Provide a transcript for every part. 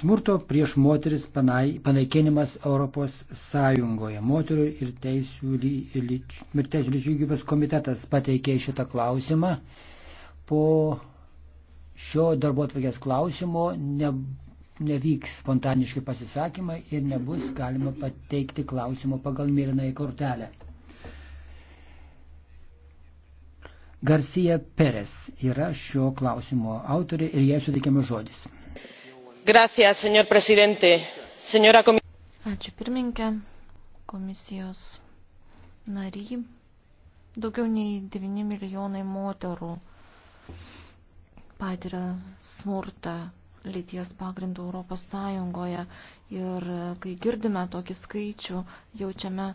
Smurto prieš moteris panaikinimas Europos Sąjungoje. Moterų ir teisų lygybės komitetas pateikė šitą klausimą. Po šio darbo atvarkės klausimo ne, nevyks spontaniški pasisakymai ir nebus galima pateikti klausimo pagal mėlynąją kortelę. Garcia Perez yra šio klausimo autorė ir jai suteikiamas žodis señor presidente señora comisaria komisijos nary daugiau nei devyni milijonai moterų patiria smurtą lyties pagrindu europos sąjungoje ir kai girdime tokį skaičių jaučiame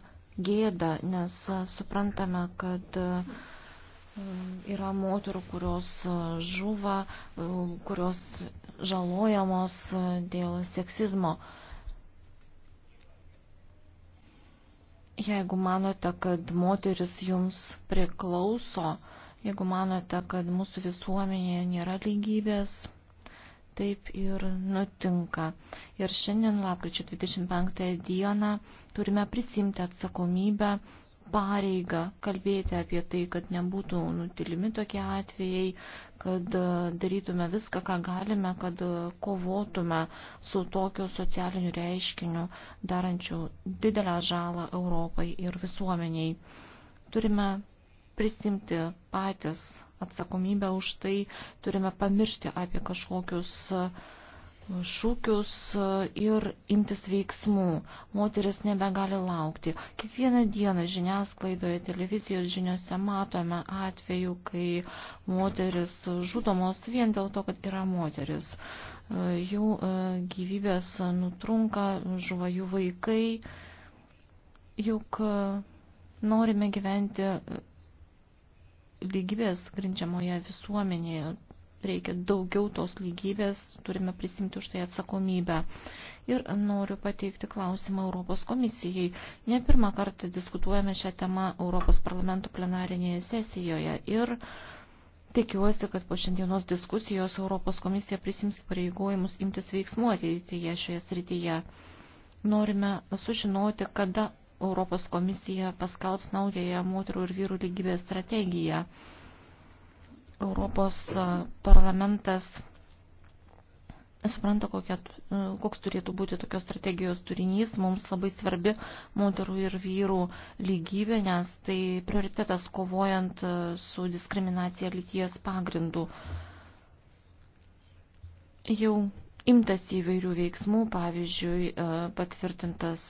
gėdą nes suprantame kad Yra moterų, kurios e, žuva, e, kurios žalojamos e, dėl seksizmo. Jeigu manote, kad moteris jums priklauso, jeigu manote, kad mūsų visuomenėje nėra lygybės, taip ir nutinka. Ir šiandien, lapkričio 25 dieną, turime prisimti atsakomybę pareigą kalbėti apie tai, kad nebūtų nutilimi tokie atvejai, kad e, darytume viską, ką galime, kad e, kovotume su tokiu socialiniu reiškiniu, darančiu didelę žalą Europai ir visuomeniai. Turime prisimti patys atsakomybę už tai, turime pamiršti apie kažkokius uh, šūkius e, ir imtis veiksmų. Moteris nebegali laukti. Kiekvieną dieną žiniasklaidoje, televizijos žiniuose matome atveju, kai moteris žudomos vien dėl to, kad yra moteris. E, jų e, gyvybės nutrunka, žuva jų vaikai. Juk norime gyventi lygybės grindžiamoje visuomenėje reikia daugiau tos lygybės, turime prisimti už tai atsakomybę. Ir noriu pateikti klausimą Europos komisijai. Ne pirmą kartą diskutuojame šią temą Europos parlamento plenarinėje sesijoje ir tikiuosi, kad po šiandienos diskusijos Europos komisija prisims pareigojimus imtis veiksmų ateityje šioje srityje. Norime sužinoti, kada Europos komisija paskalbs naująją moterų ir vyrų lygybės strategiją. Europos parlamentas supranta, kokia, koks turėtų būti tokios strategijos turinys. Mums labai svarbi moterų ir vyrų lygybė, nes tai prioritetas kovojant su diskriminacija lyties pagrindu. Jau imtas įvairių veiksmų, pavyzdžiui, patvirtintas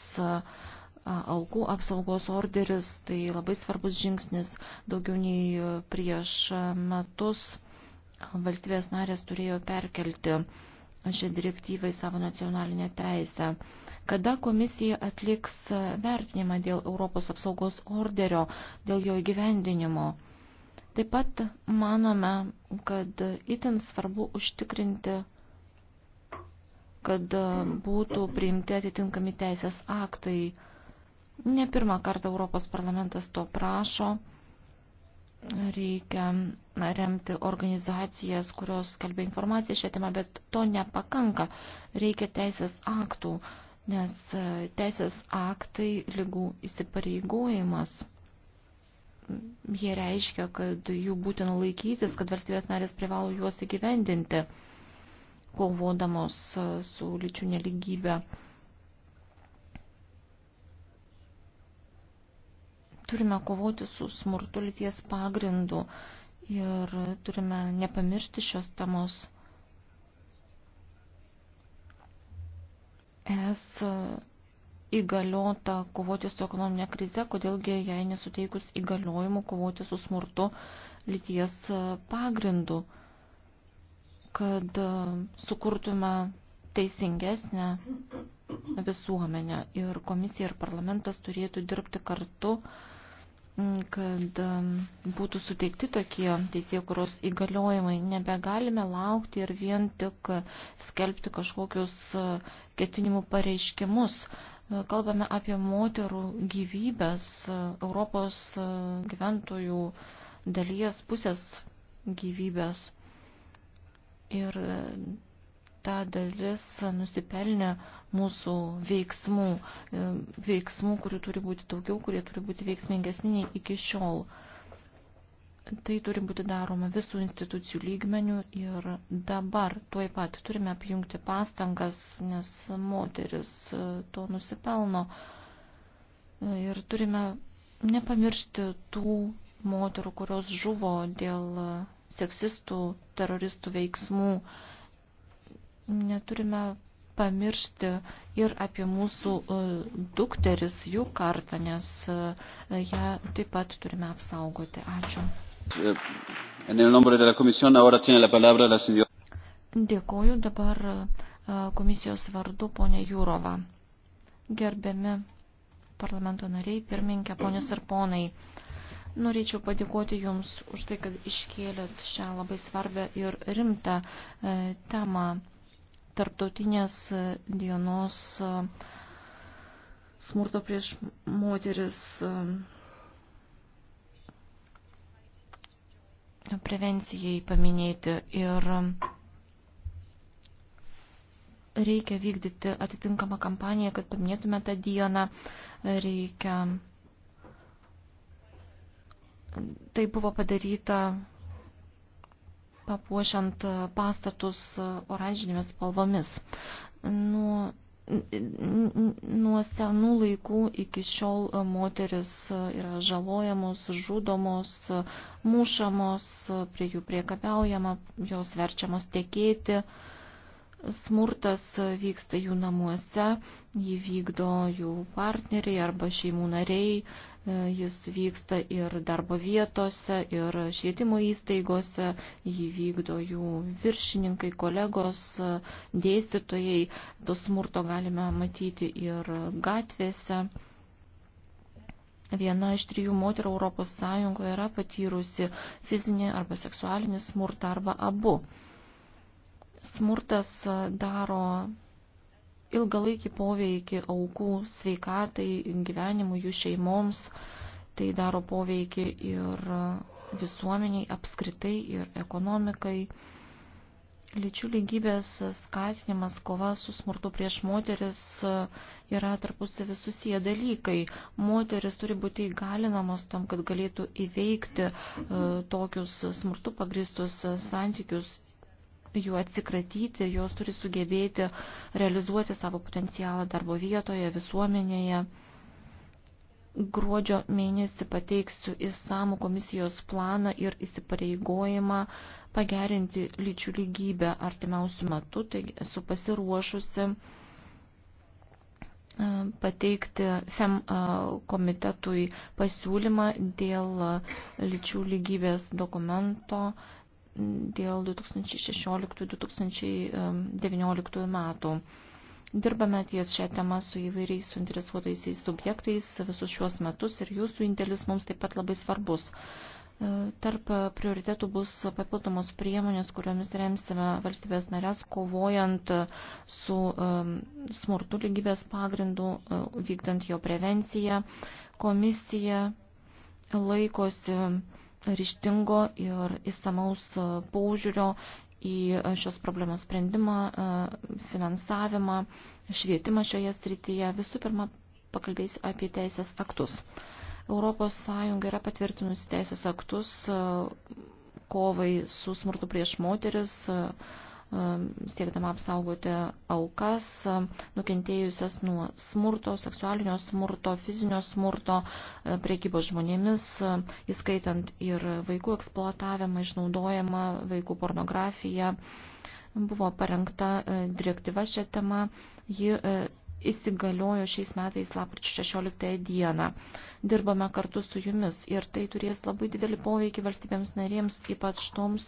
aukų apsaugos orderis, tai labai svarbus žingsnis daugiau nei prieš metus valstybės narės turėjo perkelti šią direktyvą į savo nacionalinę teisę. Kada komisija atliks vertinimą dėl Europos apsaugos orderio, dėl jo įgyvendinimo? Taip pat manome, kad itin svarbu užtikrinti, kad būtų priimti atitinkami teisės aktai Ne pirmą kartą Europos parlamentas to prašo. Reikia remti organizacijas, kurios skelbia informaciją šią temą, bet to nepakanka. Reikia teisės aktų, nes e, teisės aktai lygų įsipareigojimas jie reiškia, kad jų būtina laikytis, kad valstybės narės privalo juos įgyvendinti, kovodamos e, su lyčių neligybė. Turime kovoti su smurtu lyties pagrindu ir turime nepamiršti šios temos. Es įgaliota kovoti su ekonominė krize, kodėlgi jai nesuteikus įgaliojimų kovoti su smurtu lyties pagrindu, kad sukurtume teisingesnę visuomenę ir komisija ir parlamentas turėtų dirbti kartu, uh, Mm, kad um, būtų suteikti tokie teisėkuros įgaliojimai. Nebegalime laukti ir vien tik skelbti kažkokius uh, ketinimų pareiškimus. Uh, kalbame apie moterų gyvybės, uh, Europos gyventojų dalies pusės gyvybės. Ir ta dalis nusipelnė mūsų veiksmų, e, veiksmų, kurių turi būti daugiau, kurie turi būti veiksmingesni nei iki šiol. Tai turi būti daroma visų institucijų lygmenių ir dabar tuoj pat turime apjungti pastangas, nes moteris e, to nusipelno. E, ir turime nepamiršti tų moterų, kurios žuvo dėl seksistų, teroristų veiksmų neturime pamiršti ir apie mūsų e, dukteris, jų kartą, nes e, ją taip pat turime apsaugoti. Ačiū. Dėkoju dabar e, komisijos vardu ponė Jūrova. Gerbiami parlamento nariai, pirmininkė, ponios ir ponai. Norėčiau padėkoti Jums už tai, kad iškėlėt šią labai svarbę ir rimtą temą tarptautinės dienos e, smurto prieš moteris e, prevencijai paminėti ir reikia vykdyti atitinkamą kampaniją, kad paminėtume tą dieną, reikia. Tai buvo padaryta papuošiant e, pastatus e, oranžinėmis spalvomis. Nuo Nuo senų laikų iki šiol e, moteris yra žalojamos, žudomos, mušamos, prie jų priekabiaujama, jos verčiamos tekėti. Smurtas vyksta jų namuose, jį vykdo jų partneriai arba šeimų nariai, Jis vyksta ir darbo vietose, ir švietimo įstaigose, jį vykdo jų viršininkai, kolegos, dėstytojai. To smurto galime matyti ir gatvėse. Viena iš trijų moterų Europos Sąjungoje yra patyrusi fizinį arba seksualinį smurtą arba abu. Smurtas daro ilgalaikį poveikį aukų sveikatai, gyvenimui, jų šeimoms. Tai daro poveikį ir visuomeniai apskritai, ir ekonomikai. Lyčių lygybės skatinimas, kova su smurtu prieš moteris yra tarpusavį susiję dalykai. Moteris turi būti įgalinamos tam, kad galėtų įveikti e, tokius smurtu pagristus santykius jų atsikratyti, jos turi sugebėti realizuoti savo potencialą darbo vietoje, visuomenėje. Gruodžio mėnesį pateiksiu įsamų komisijos planą ir įsipareigojimą pagerinti lyčių lygybę artimiausių metų, taigi esu pasiruošusi e, pateikti FEM e, komitetui pasiūlymą dėl lyčių lygybės dokumento dėl 2016-2019 metų. Dirbame ties šią temą su įvairiais suinteresuotaisiais subjektais visus šiuos metus ir jūsų indėlis mums taip pat labai svarbus. E, tarp prioritetų bus papildomos priemonės, kuriomis remsime valstybės narės, kovojant su smurtu lygybės pagrindu, e, vykdant jo prevenciją. Komisija laikosi ryštingo ir įsamaus e, paužiūrio į e, šios problemos sprendimą, e, finansavimą, švietimą šioje srityje. Visų pirma, pakalbėsiu apie teisės aktus. Europos Sąjunga yra patvirtinusi teisės aktus kovai su smurtu prieš moteris, Um, siekdama apsaugoti aukas, um, nukentėjusias nuo smurto, seksualinio smurto, fizinio smurto, uh, priekybos žmonėmis, um, įskaitant ir vaikų eksploatavimą, išnaudojimą, vaikų pornografiją. Buvo parengta uh, direktyva šią temą. Ji uh, įsigaliojo šiais metais lapkričio 16 dieną. Dirbame kartu su jumis ir tai turės labai didelį poveikį valstybėms narėms, ypač toms,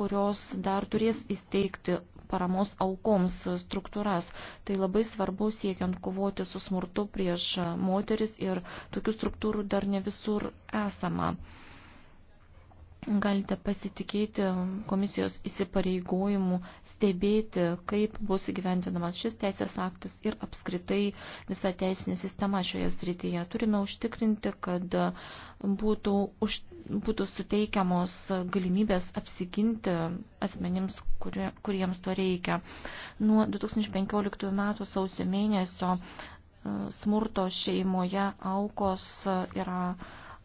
kurios dar turės įsteigti paramos aukoms struktūras. Tai labai svarbu siekiant kovoti su smurtu prieš moteris ir tokių struktūrų dar ne visur esama galite pasitikėti komisijos įsipareigojimu stebėti, kaip bus įgyventinamas šis teisės aktas ir apskritai visa teisinė sistema šioje srityje. Turime užtikrinti, kad būtų, už, būtų suteikiamos galimybės apsiginti asmenims, kurie, kuriems to reikia. Nuo 2015 metų sausio mėnesio e, smurto šeimoje aukos yra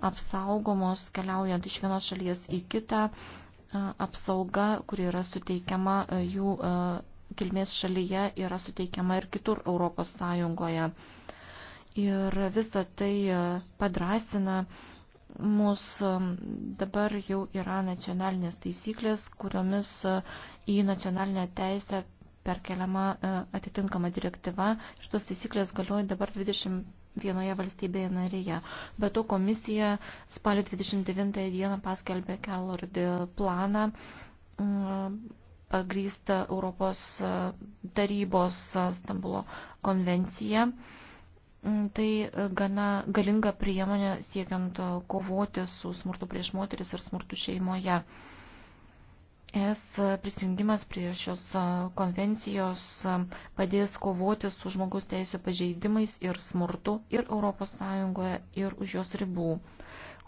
apsaugomos keliaujant iš vienos šalies į kitą apsauga, kuri yra suteikiama jų kilmės šalyje, yra suteikiama ir kitur Europos Sąjungoje. Ir visa tai padrasina mus dabar jau yra nacionalinės taisyklės, kuriomis į nacionalinę teisę perkeliama atitinkama direktyva. Šitos taisyklės galioja dabar 20 vienoje valstybėje narėje. Be to komisija spalio 29 dieną paskelbė Kellord planą mm, pagrįsta Europos tarybos Stambulo konvencija. Mm, tai gana galinga priemonė siekiant kovoti su smurtu prieš moteris ir smurtu šeimoje. Es prisijungimas prie šios konvencijos padės kovoti su žmogus teisų pažeidimais ir smurtu ir ES, ir už jos ribų.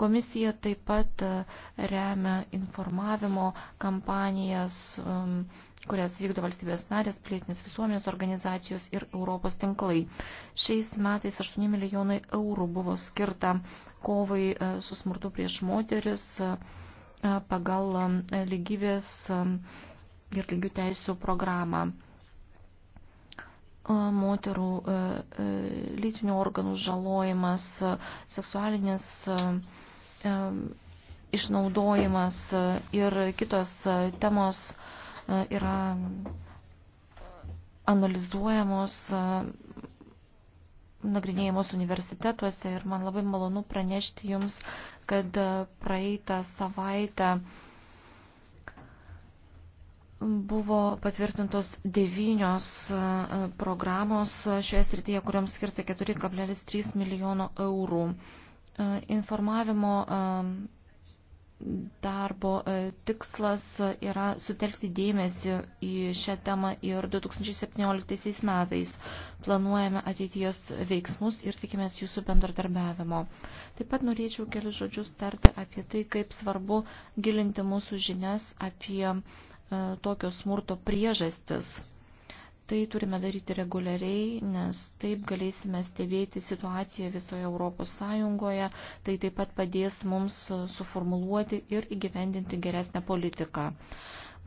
Komisija taip pat remia informavimo kampanijas, um, kurias vykdo valstybės narės, plėtinės visuomenės organizacijos ir Europos tinklai. Šiais metais 8 milijonai eurų buvo skirta kovai su smurtu prieš moteris pagal lygybės ir lygių teisų programą. Moterų lytinių organų žalojimas, seksualinis išnaudojimas ir kitos temos yra analizuojamos nagrinėjamos universitetuose ir man labai malonu pranešti Jums, kad e, praeitą savaitę buvo patvirtintos devynios e, programos šioje srityje, kuriams skirta 4,3 milijono eurų e, informavimo darbo e, tikslas yra sutelkti dėmesį į šią temą ir 2017 metais planuojame ateities veiksmus ir tikimės jūsų bendradarbiavimo. Taip pat norėčiau kelius žodžius tarti apie tai, kaip svarbu gilinti mūsų žinias apie e, tokio smurto priežastis. Tai turime daryti reguliariai, nes taip galėsime stebėti situaciją visoje Europos Sąjungoje, tai taip pat padės mums suformuluoti ir įgyvendinti geresnę politiką.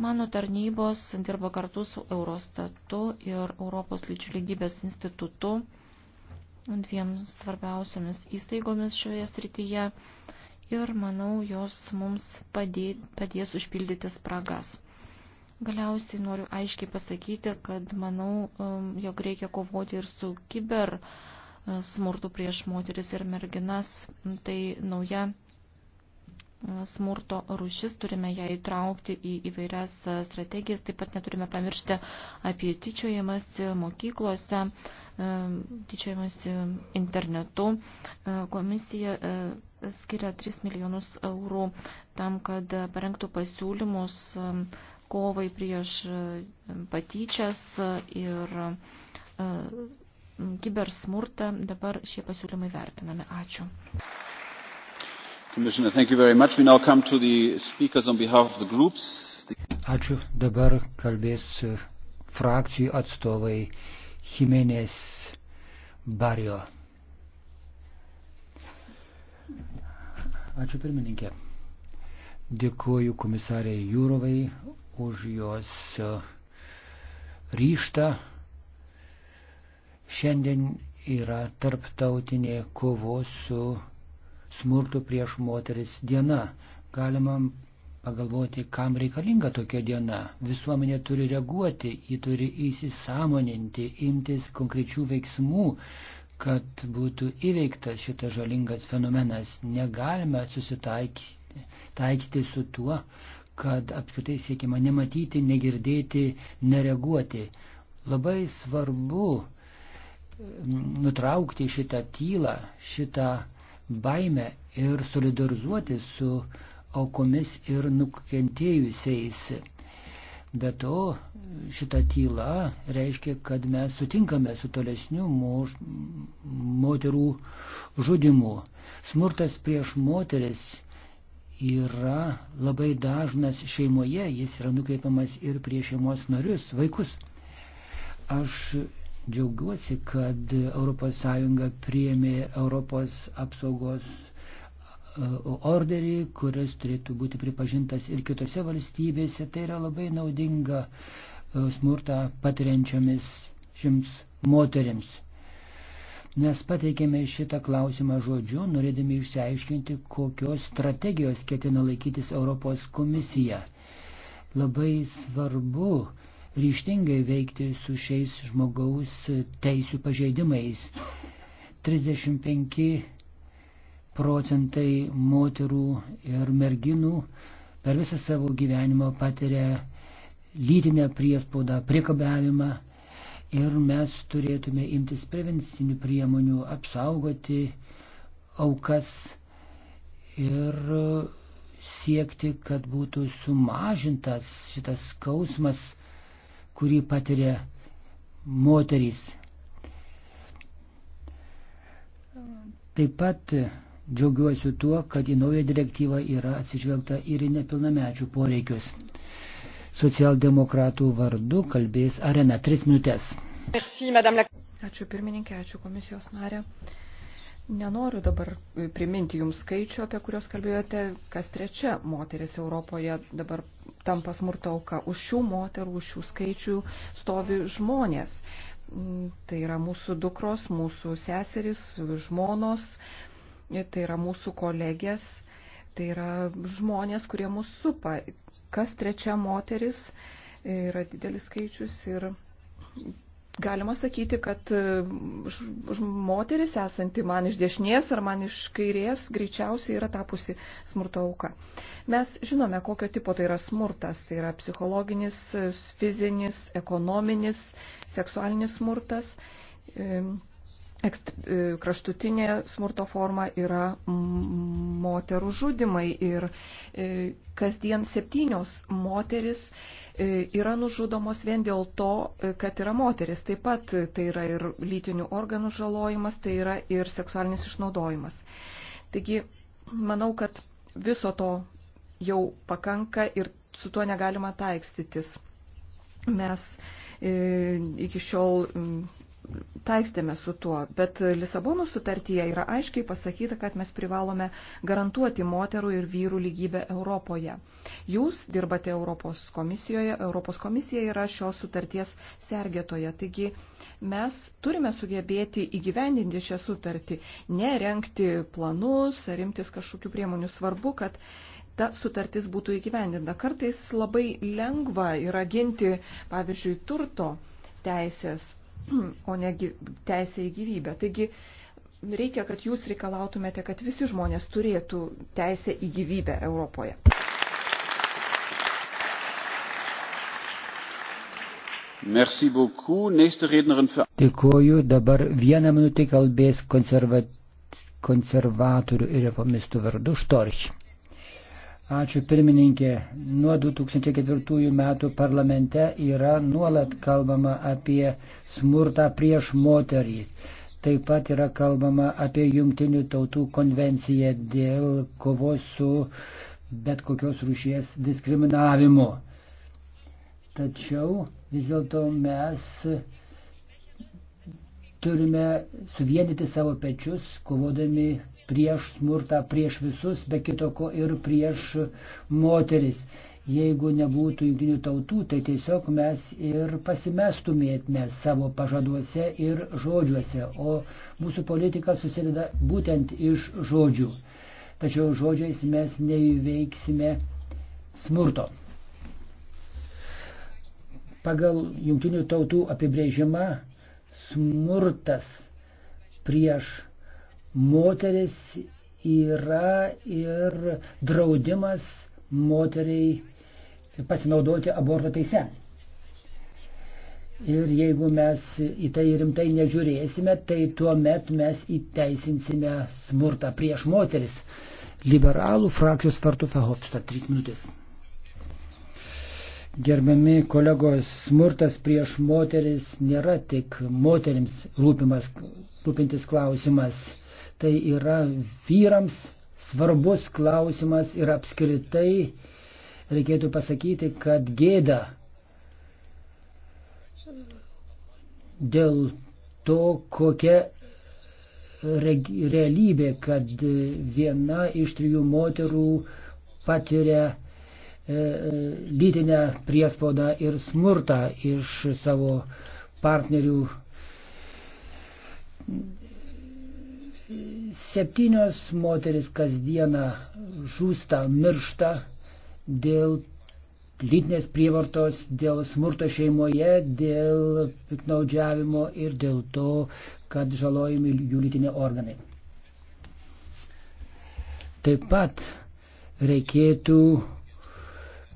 Mano tarnybos dirba kartu su Eurostatu ir Europos lyčių lygybės institutu, dviem svarbiausiamis įstaigomis šioje srityje ir manau, jos mums padė, padės užpildyti spragas. Galiausiai noriu aiškiai pasakyti, kad manau, um, jog reikia kovoti ir su kiber uh, smurtu prieš moteris ir merginas. Tai nauja uh, smurto rušis, turime ją įtraukti į įvairias uh, strategijas, taip pat neturime pamiršti apie tyčiojimąsi mokyklose, um, tyčiojimąsi internetu. Komisija skiria 3 milijonus eurų tam, kad parengtų pasiūlymus um, kovai prieš e, patyčias ir e, kibersmurtą. Dabar šie pasiūlymai vertinami. Ačiū. Ačiū. Dabar kalbės e, frakcijų atstovai Jimenez Barrio. Ačiū pirmininkė. Dėkuoju komisarė Jūrovai už jos e, ryštą. Šiandien yra tarptautinė kovos su smurtu prieš moteris diena. Galima pagalvoti, kam reikalinga tokia diena. Visuomenė turi reaguoti, ji turi įsisamoninti, imtis konkrečių veiksmų, kad būtų įveiktas šitas žalingas fenomenas. Negalime susitaikyti su tuo, kad apskritai siekiama nematyti, negirdėti, nereaguoti. Labai svarbu mm, nutraukti šitą tylą, šitą baimę ir solidarizuoti su aukomis ir nukentėjusiais. Be to, šita tyla reiškia, kad mes sutinkame su tolesniu mož... moterų žudimu. Smurtas prieš moteris yra labai dažnas šeimoje, jis yra nukreipiamas ir prie šeimos narius, vaikus. Aš džiaugiuosi, kad ES priėmė Europos apsaugos e, orderį, kuris turėtų būti pripažintas ir kitose valstybėse. Tai yra labai naudinga e, smurtą patiriančiomis šims moterims nes pateikėme šitą klausimą žodžiu, norėdami išsiaiškinti, kokios strategijos ketina laikytis Europos komisija. Labai svarbu ryštingai veikti su šiais žmogaus teisų pažeidimais. 35 procentai moterų ir merginų per visą savo gyvenimą patiria lytinę priespaudą, priekabiavimą ir mes turėtume imtis prevencinių priemonių, apsaugoti aukas ir siekti, kad būtų sumažintas šitas skausmas, kurį patiria moterys. Taip pat džiaugiuosi tuo, kad į naują direktyvą yra atsižvelgta ir į nepilnamečių poreikius. Socialdemokratų vardu kalbės Arena. Tris minutės. Ačiū pirmininkė, ačiū komisijos narė. Nenoriu dabar priminti jums skaičių, apie kuriuos kalbėjote, kas trečia moteris Europoje dabar tampa smurto auka. Už šių moterų, už šių skaičių stovi žmonės. Mm, tai yra mūsų dukros, mūsų seseris, žmonos, tai yra mūsų kolegės, tai yra žmonės, kurie mūsų supa kas trečia moteris, yra didelis skaičius ir galima sakyti, kad e, moteris esanti man iš dešinės ar man iš kairės greičiausiai yra tapusi smurto auka. Mes žinome, kokio tipo tai yra smurtas. Tai yra psichologinis, fizinis, ekonominis, seksualinis smurtas. E, kraštutinė smurto forma yra moterų žudimai ir e, kasdien septynios moteris e, yra nužudomos vien dėl to, kad yra moteris. Taip pat tai yra ir lytinių organų žalojimas, tai yra ir seksualinis išnaudojimas. Taigi, manau, kad viso to jau pakanka ir su tuo negalima taikstytis. Mes iki šiol taikstėme su tuo, bet Lisabono sutartyje yra aiškiai pasakyta, kad mes privalome garantuoti moterų ir vyrų lygybę Europoje. Jūs dirbate Europos komisijoje, Europos komisija yra šios sutarties sergėtoje, taigi mes turime sugebėti įgyvendinti šią sutartį, nerenkti planus ar imtis kažkokių priemonių. Svarbu, kad ta sutartis būtų įgyvendinta. Kartais labai lengva yra ginti, pavyzdžiui, turto teisės, o ne teisė į gyvybę. Taigi reikia, kad jūs reikalautumėte, kad visi žmonės turėtų teisę į gyvybę Europoje. Merci beaucoup. Nächste Rednerin für... Dėkuoju. Dabar vieną minutę kalbės konservat... konservatorių ir reformistų vardu Štorch. Ačiū pirmininkė. Nuo 2004 metų parlamente yra nuolat kalbama apie smurtą prieš moterį. Taip pat yra kalbama apie Junktinių tautų konvenciją dėl kovos su bet kokios rūšies diskriminavimu. Tačiau vis dėlto mes turime suvienyti savo pečius, kovodami prieš smurtą, prieš visus, be kitoko ir prieš moteris. Jeigu nebūtų jungtinių tautų, tai tiesiog mes ir pasimestumėtume savo pažaduose ir žodžiuose, o mūsų politika susideda būtent iš žodžių. Tačiau žodžiais mes neįveiksime smurto. Pagal jungtinių tautų apibrėžimą smurtas prieš moteris yra ir draudimas moteriai pasinaudoti aborto teise. Ir jeigu mes į tai rimtai nežiūrėsime, tai tuo met mes įteisinsime smurtą prieš moteris. Liberalų frakcijos vartų Fehofstad, 3 minutės. Gerbiami kolegos, smurtas prieš moteris nėra tik moterims rūpimas, rūpintis klausimas Tai yra vyrams svarbus klausimas ir apskritai reikėtų pasakyti, kad gėda dėl to, kokia realybė, kad viena iš trijų moterų patiria e, e, lytinę priespaudą ir smurtą iš savo partnerių Septynios moteris kasdieną žūsta, miršta dėl lytinės prievartos, dėl smurto šeimoje, dėl piknaudžiavimo ir dėl to, kad žalojami jų lytiniai organai. Taip pat reikėtų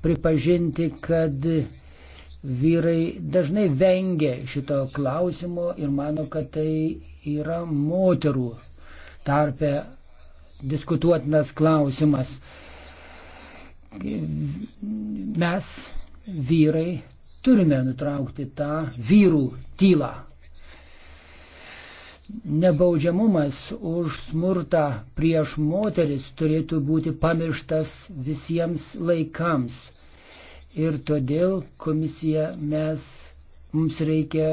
pripažinti, kad vyrai dažnai vengia šito klausimo ir mano, kad tai yra moterų tarpe diskutuotinas klausimas. Mes, vyrai, turime nutraukti tą vyrų tylą. Nebaudžiamumas už smurtą prieš moteris turėtų būti pamirštas visiems laikams. Ir todėl komisija mes Mums reikia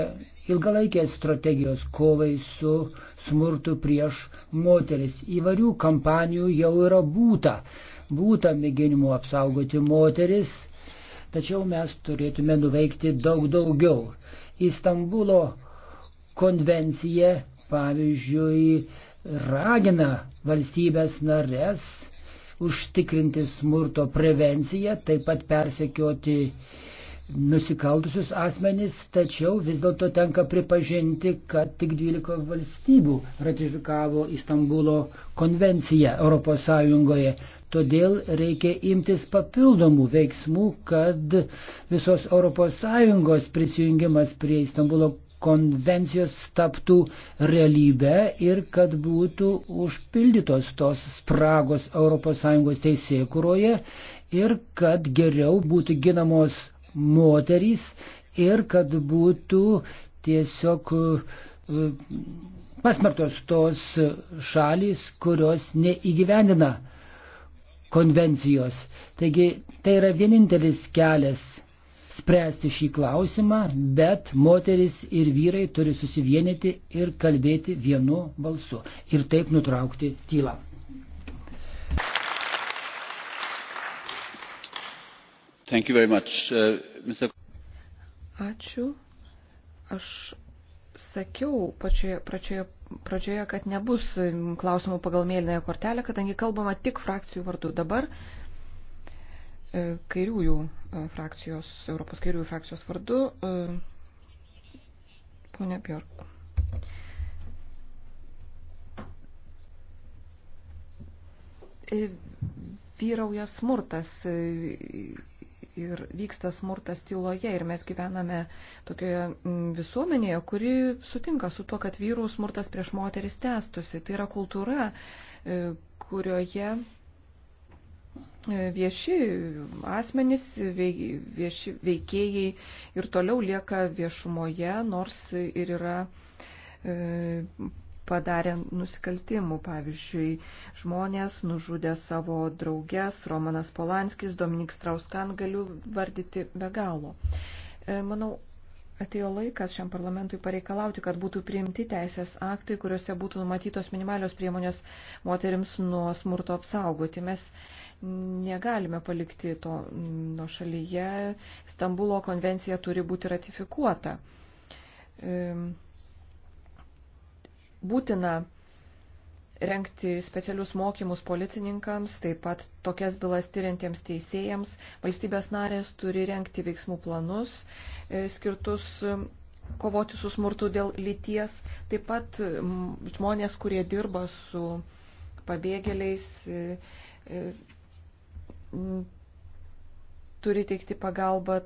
ilgalaikės strategijos kovai su smurtu prieš moteris. Įvarių kampanijų jau yra būta. Būta mėginimų apsaugoti moteris, tačiau mes turėtume nuveikti daug daugiau. Istanbulo konvencija, pavyzdžiui, ragina valstybės narės užtikrinti smurto prevenciją, taip pat persekioti nusikaltusius asmenys, tačiau vis dėlto tenka pripažinti, kad tik 12 valstybių ratifikavo Istanbulo konvenciją ES. Todėl reikia imtis papildomų veiksmų, kad visos ES prisijungimas prie Istanbulo konvencijos taptų realybę ir kad būtų užpildytos tos spragos ES teisėkuroje ir kad geriau būtų ginamos moterys ir kad būtų tiesiog e, pasmertos tos šalys, kurios neįgyvendina konvencijos. Taigi tai yra vienintelis kelias spręsti šį klausimą, bet moteris ir vyrai turi susivienyti ir kalbėti vienu balsu ir taip nutraukti tylą. Much, uh, Mr... Ačiū. Aš sakiau pačioje, pračioje, pradžioje, kad nebus um, klausimų pagal mėlynąją kortelę, kadangi kalbama tik frakcijų vardu. Dabar e, kairiųjų e, frakcijos, Europos kairiųjų frakcijos vardu, e, ponia Bjork. Vyrauja smurtas ir vyksta smurtas tyloje ir mes gyvename tokioje mm, visuomenėje, kuri sutinka su tuo, kad vyrų smurtas prieš moteris tęstusi. Tai yra kultūra, e, kurioje e, vieši asmenys, vieši veikėjai ir toliau lieka viešumoje, nors ir yra e, padarė nusikaltimų. Pavyzdžiui, žmonės nužudė savo draugės, Romanas Polanskis, Dominik Strauskan, galiu vardyti be galo. E, manau, atėjo laikas šiam parlamentui pareikalauti, kad būtų priimti teisės aktai, kuriuose būtų numatytos minimalios priemonės moteriams nuo smurto apsaugoti. Mes negalime palikti to nuo šalyje. Stambulo konvencija turi būti ratifikuota. Um būtina rengti specialius mokymus policininkams, taip pat tokias bylas tyriantiems teisėjams. Valstybės narės turi rengti veiksmų planus e, skirtus e, kovoti su smurtu dėl lyties. Taip pat žmonės, kurie dirba su pabėgėliais, e, turi teikti pagalbą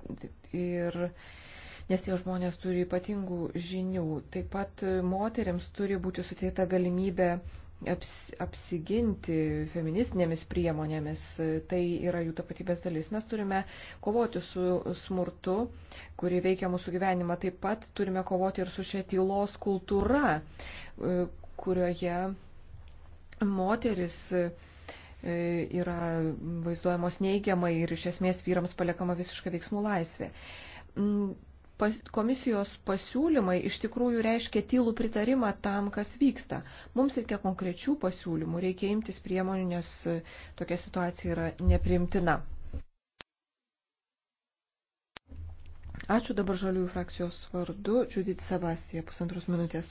ir nes tie žmonės turi ypatingų žinių. Taip pat moteriams turi būti suteikta galimybė aps, apsiginti feministinėmis priemonėmis. Tai yra jų tapatybės dalis. Mes turime kovoti su smurtu, kuri veikia mūsų gyvenimą. Taip pat turime kovoti ir su šia tylos kultūra, kurioje moteris e, yra vaizduojamos neigiamai ir iš esmės vyrams paliekama visiška veiksmų laisvė mm, pas, komisijos pasiūlymai iš tikrųjų reiškia tylų pritarimą tam, kas vyksta. Mums reikia konkrečių pasiūlymų, reikia imtis priemonių, nes e, tokia situacija yra neprimtina. Ačiū dabar žaliųjų frakcijos vardu, Judith Sebastija, pusantros minutės.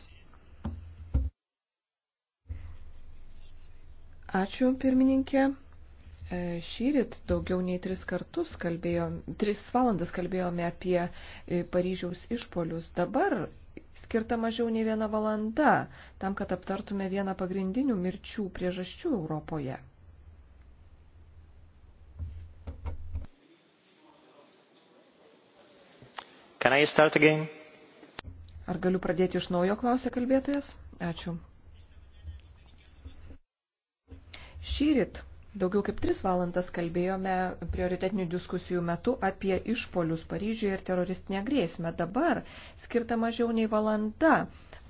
Ačiū, pirmininkė. E, Šyrit daugiau nei tris kartus kalbėjom, tris valandas kalbėjome apie e, Paryžiaus išpolius. Dabar skirta mažiau nei viena valanda tam, kad aptartume vieną pagrindinių mirčių priežasčių Europoje. Ar galiu pradėti iš naujo, klausė kalbėtojas? Ačiū. Šyrit Daugiau kaip tris valandas kalbėjome prioritetinių diskusijų metu apie išpolius Paryžiuje ir teroristinę grėsmę. Dabar skirta mažiau nei valanda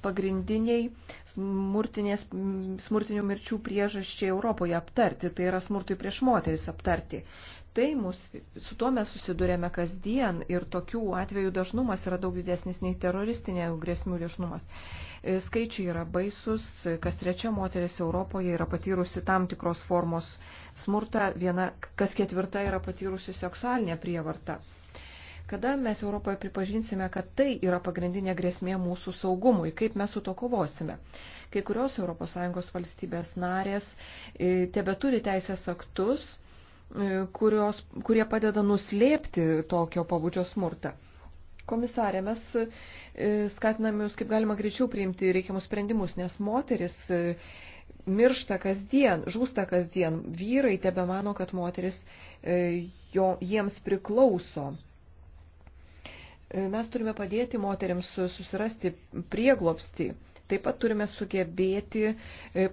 pagrindiniai smurtinių mirčių priežasčiai Europoje aptarti, tai yra smurtui prieš moteris aptarti. Tai mus, su tuo mes susidurėme kasdien ir tokių atvejų dažnumas yra daug didesnis nei teroristinė grėsmių dažnumas. E, skaičiai yra baisus, kas trečia moteris Europoje yra patyrusi tam tikros formos smurtą, viena, kas ketvirta yra patyrusi seksualinę prievartą. Kada mes Europoje pripažinsime, kad tai yra pagrindinė grėsmė mūsų saugumui, kaip mes su to kovosime? Kai kurios ES valstybės narės e, tebe turi teisės aktus, e, kurios, kurie padeda nuslėpti tokio pabudžio smurtą. Komisarė, mes e, skatiname jūs kaip galima greičiau priimti reikiamus sprendimus, nes moteris miršta kasdien, žūsta kasdien. Vyrai tebe mano, kad moteris jo, jiems priklauso. Mes turime padėti moteriams susirasti prieglopstį. Taip pat turime sugebėti e,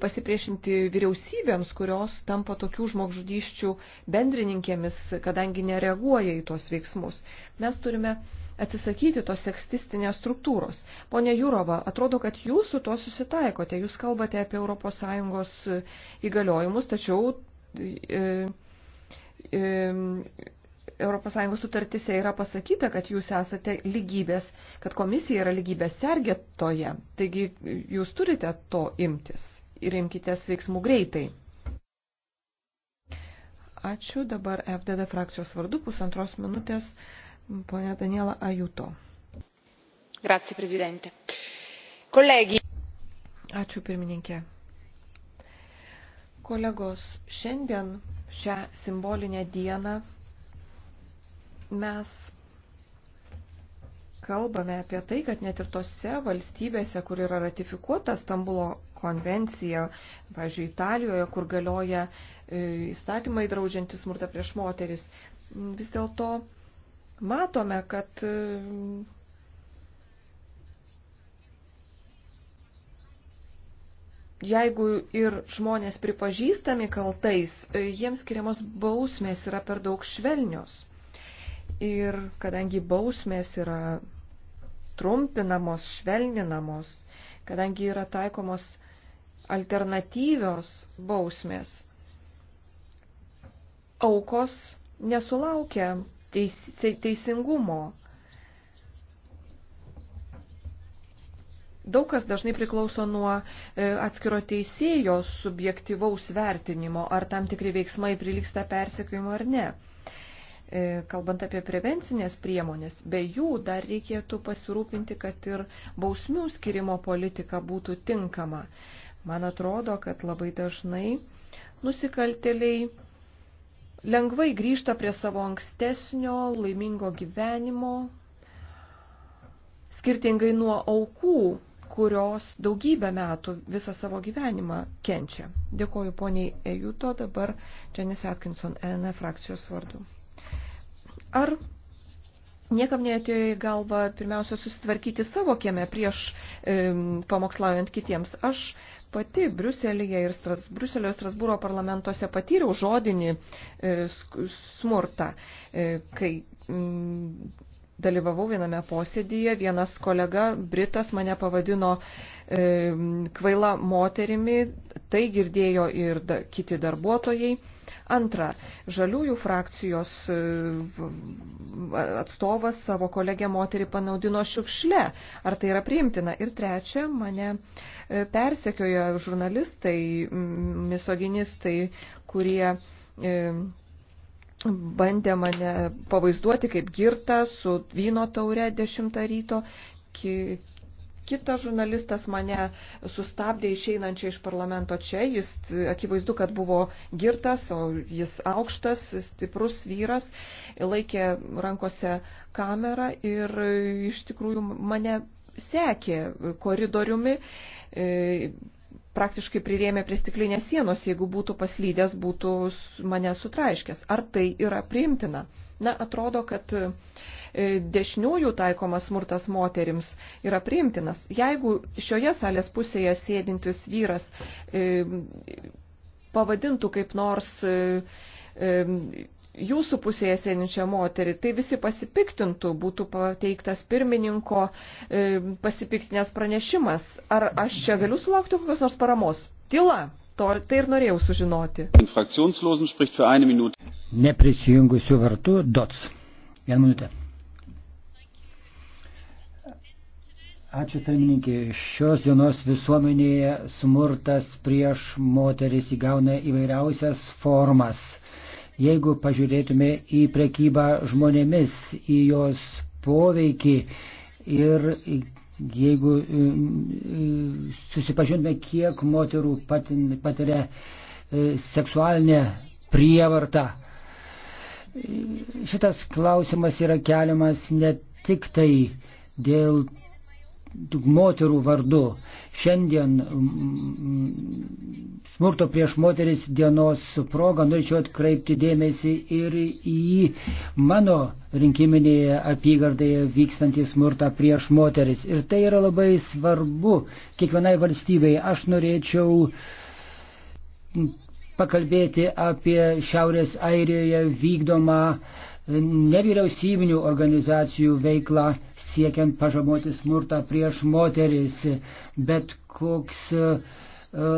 pasipriešinti vyriausybėms, kurios tampa tokių žmogžudyščių bendrininkėmis, kadangi nereaguoja į tuos veiksmus. Mes turime atsisakyti tos sekstistinės struktūros. Pone Jūrova, atrodo, kad jūs su tuo susitaikote. Jūs kalbate apie ES įgaliojimus, tačiau. E, e, ES sutartise yra pasakyta, kad jūs esate lygybės, kad komisija yra lygybės sergėtoje, taigi jūs turite to imtis ir imkite veiksmų greitai. Ačiū dabar FDD frakcijos vardu pusantros minutės ponia Daniela Ajuto. Grazie, prezidente. Kolegi. Ačiū pirmininkė. Kolegos, šiandien šią simbolinę dieną mes kalbame apie tai, kad net ir tose valstybėse, kur yra ratifikuota Stambulo konvencija, pavyzdžiui, Italijoje, kur galioja e, įstatymai draudžiantys smurtą prieš moteris, vis dėlto matome, kad e, jeigu ir žmonės pripažįstami kaltais, e, jiems skiriamos bausmės yra per daug švelnios. Ir kadangi bausmės yra trumpinamos, švelninamos, kadangi yra taikomos alternatyvios bausmės, aukos nesulaukia teis, teisingumo. Daug kas dažnai priklauso nuo e, atskiro teisėjo subjektivaus vertinimo, ar tam tikri veiksmai priliksta persekiojimo ar ne. E, kalbant apie prevencinės priemonės, be jų dar reikėtų pasirūpinti, kad ir bausmių skirimo politika būtų tinkama. Man atrodo, kad labai dažnai nusikalteliai lengvai grįžta prie savo ankstesnio laimingo gyvenimo, skirtingai nuo aukų, kurios daugybę metų visą savo gyvenimą kenčia. Dėkoju poniai Ejuto, dabar Janice Atkinson, ENE frakcijos vardu. Ar niekam neatėjo į galvą pirmiausia susitvarkyti savo kieme prieš e, pamokslaujant kitiems? Aš pati Briuselėje ir Stras, Briuselio ir Strasbūro parlamentuose patyriau žodinį e, smurtą, e, kai. Mm, dalyvavau viename posėdyje, vienas kolega Britas mane pavadino e, kvaila moterimi, tai girdėjo ir da, kiti darbuotojai. Antra, žaliųjų frakcijos e, atstovas savo kolegę moterį panaudino šiukšle. Ar tai yra priimtina? Ir trečia, mane e, persekioja žurnalistai, misoginistai, kurie e, bandė mane pavaizduoti kaip girtą su vyno taure 10 ryto. Ki, Kitas žurnalistas mane sustabdė išeinančią iš parlamento čia. Jis akivaizdu, kad buvo girtas, o jis aukštas, stiprus vyras, laikė rankose kamerą ir iš tikrųjų mane sekė koridoriumi. E, praktiškai prirėmė prie stiklinės sienos, jeigu būtų paslydęs, būtų mane sutraiškęs. Ar tai yra priimtina? Na, atrodo, kad uh, E, dešiniųjų taikomas smurtas moterims yra priimtinas. Jeigu šioje salės pusėje sėdintis vyras e, pavadintų kaip nors e, jūsų pusėje sėdinčią moterį, tai visi pasipiktintų, būtų pateiktas pirmininko pasipiktinės pranešimas. Ar aš čia galiu sulaukti kokios nors paramos? Tila. To, tai ir norėjau sužinoti. Neprisijungusių vartų DOTS. Vieną minutę. Ačiū pirmininkė. Šios dienos visuomenėje smurtas prieš moteris įgauna įvairiausias formas. Jeigu pažiūrėtume į prekybą žmonėmis, į jos poveikį ir jeigu mm, susipažintume, kiek moterų patiria e, seksualinę prievartą, e, šitas klausimas yra keliamas ne tik tai dėl moterų vardu. Šiandien mm, mm, smurto prieš moteris dienos progą norėčiau atkreipti dėmesį ir į mano rinkiminėje apygardoje vykstantį smurtą prieš moteris. Ir tai yra labai svarbu kiekvienai valstybei. Aš norėčiau pakalbėti apie Šiaurės Airijoje vykdomą nevyriausybinių organizacijų veiklą siekiant pažaboti smurtą prieš moteris, bet koks, e, e,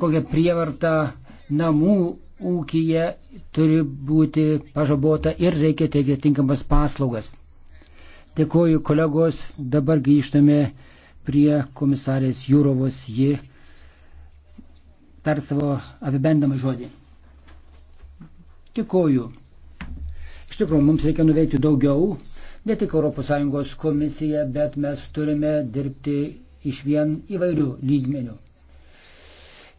kokia prievarta namų ūkija turi būti pažabota ir reikia teikti tinkamas paslaugas. Dėkuoju kolegos, dabar grįžtame prie komisarės Jūrovos, ji tar savo apibendamą žodį. Dėkuoju. Iš tikrųjų, mums reikia nuveikti daugiau, ne tik ES komisija, bet mes turime dirbti iš vien įvairių lygmenių.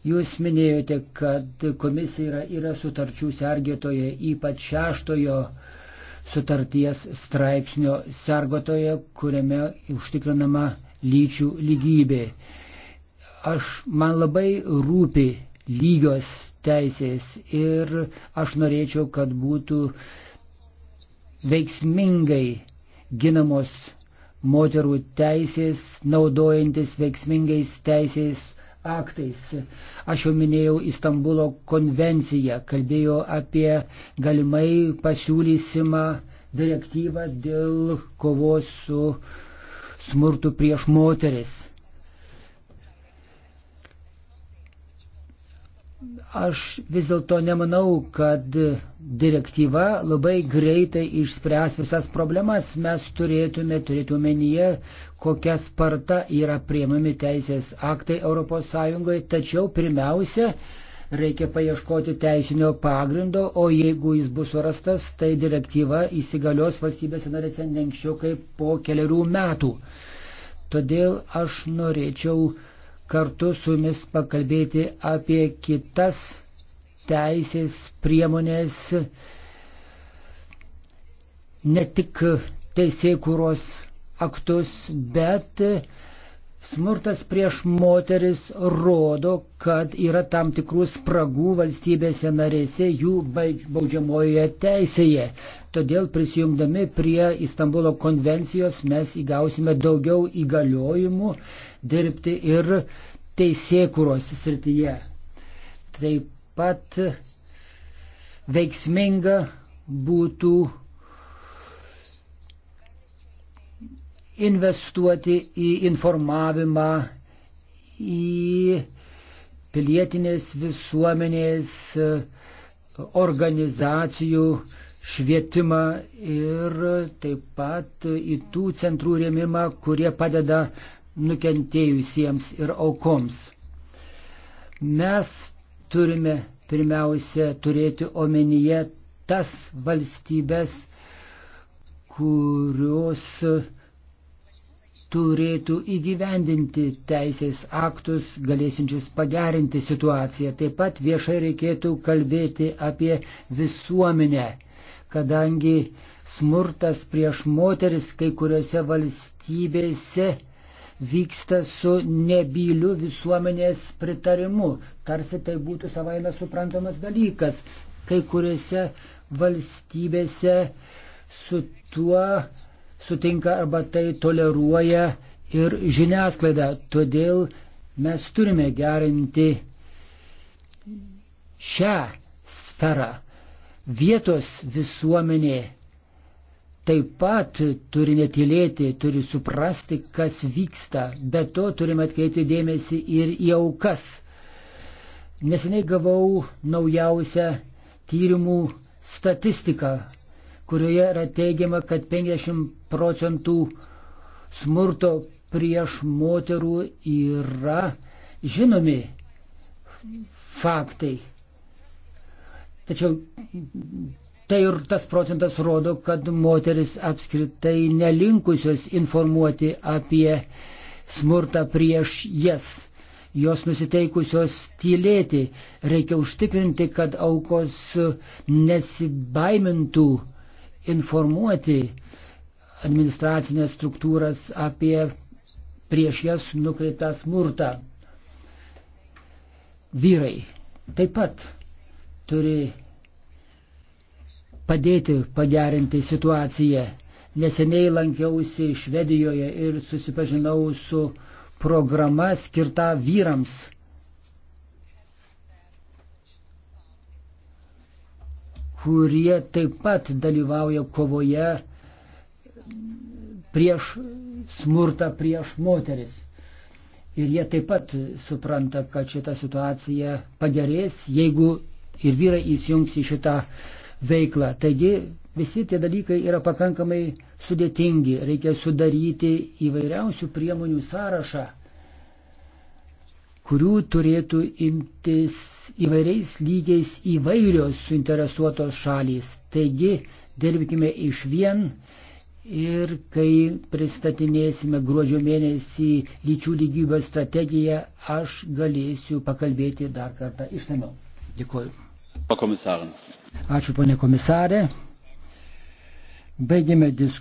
Jūs minėjote, kad komisija yra, yra sutarčių sergėtoje, ypač šeštojo sutarties straipsnio sergotoje, kuriame užtikrinama lyčių lygybė. Aš man labai rūpi lygios teisės ir aš norėčiau, kad būtų veiksmingai ginamos moterų teisės, naudojantis veiksmingais teisės aktais. Aš jau minėjau Istanbulo konvenciją, kalbėjau apie galimai pasiūlysimą direktyvą dėl kovos su smurtu prieš moteris. Aš vis dėlto nemanau, kad direktyva labai greitai išspręs visas problemas. Mes turėtume turėti omenyje, kokia sparta yra priemami teisės aktai ES, tačiau pirmiausia, reikia paieškoti teisinio pagrindo, o jeigu jis bus surastas, tai direktyva įsigalios valstybėse narėse nenkščiau kaip po keliarių metų. Todėl aš norėčiau kartu su jumis pakalbėti apie kitas teisės priemonės, ne tik teisėkūros aktus, bet smurtas prieš moteris rodo, kad yra tam tikrų spragų valstybėse narėse jų baudžiamojoje teisėje. Todėl prisijungdami prie Istanbulo konvencijos mes įgausime daugiau įgaliojimų dirbti ir teisėkuros srityje. Taip pat veiksminga būtų investuoti į informavimą, į pilietinės visuomenės organizacijų švietimą ir taip pat į tų centrų rėmimą, kurie padeda nukentėjusiems ir aukoms. Mes turime pirmiausia turėti omenyje tas valstybės, kurios turėtų įgyvendinti teisės aktus, galėsinčius pagerinti situaciją. Taip pat viešai reikėtų kalbėti apie visuomenę kadangi smurtas prieš moteris kai kuriuose valstybėse vyksta su nebyliu visuomenės pritarimu, tarsi tai būtų savaime suprantamas dalykas. Kai kuriuose valstybėse su tuo sutinka arba tai toleruoja ir žiniasklaida. Todėl mes turime gerinti šią sferą. Vietos visuomenė taip pat turi netilėti, turi suprasti, kas vyksta. Be to turime atkreipti dėmesį ir į aukas. Neseniai gavau naujausią tyrimų statistiką, kurioje yra teigiama, kad 50 procentų smurto prieš moterų yra žinomi faktai. Tačiau tai ir tas procentas rodo, kad moteris apskritai nelinkusios informuoti apie smurtą prieš jas. Jos nusiteikusios tylėti. Reikia užtikrinti, kad aukos nesibaimintų informuoti administracinės struktūras apie prieš jas nukreiptą smurtą. Vyrai taip pat turi padėti pagerinti situaciją. Neseniai lankiausi Švedijoje ir susipažinau su programa skirta vyrams. kurie taip pat dalyvauja kovoje prieš smurtą prieš moteris. Ir jie taip pat supranta, kad šita situacija pagerės, jeigu ir vyrai įsijungs į šitą veiklą. Taigi visi tie dalykai yra pakankamai sudėtingi, reikia sudaryti įvairiausių priemonių sąrašą kurių turėtų imtis įvairiais lygiais įvairios suinteresuotos šalys. Taigi, dirbkime iš vien ir kai pristatinėsime gruodžio mėnesį lyčių lygybės strategiją, aš galėsiu pakalbėti dar kartą išsameu. Dėkuoju. Ačiū, ponė komisarė. Baigėme diskusiją.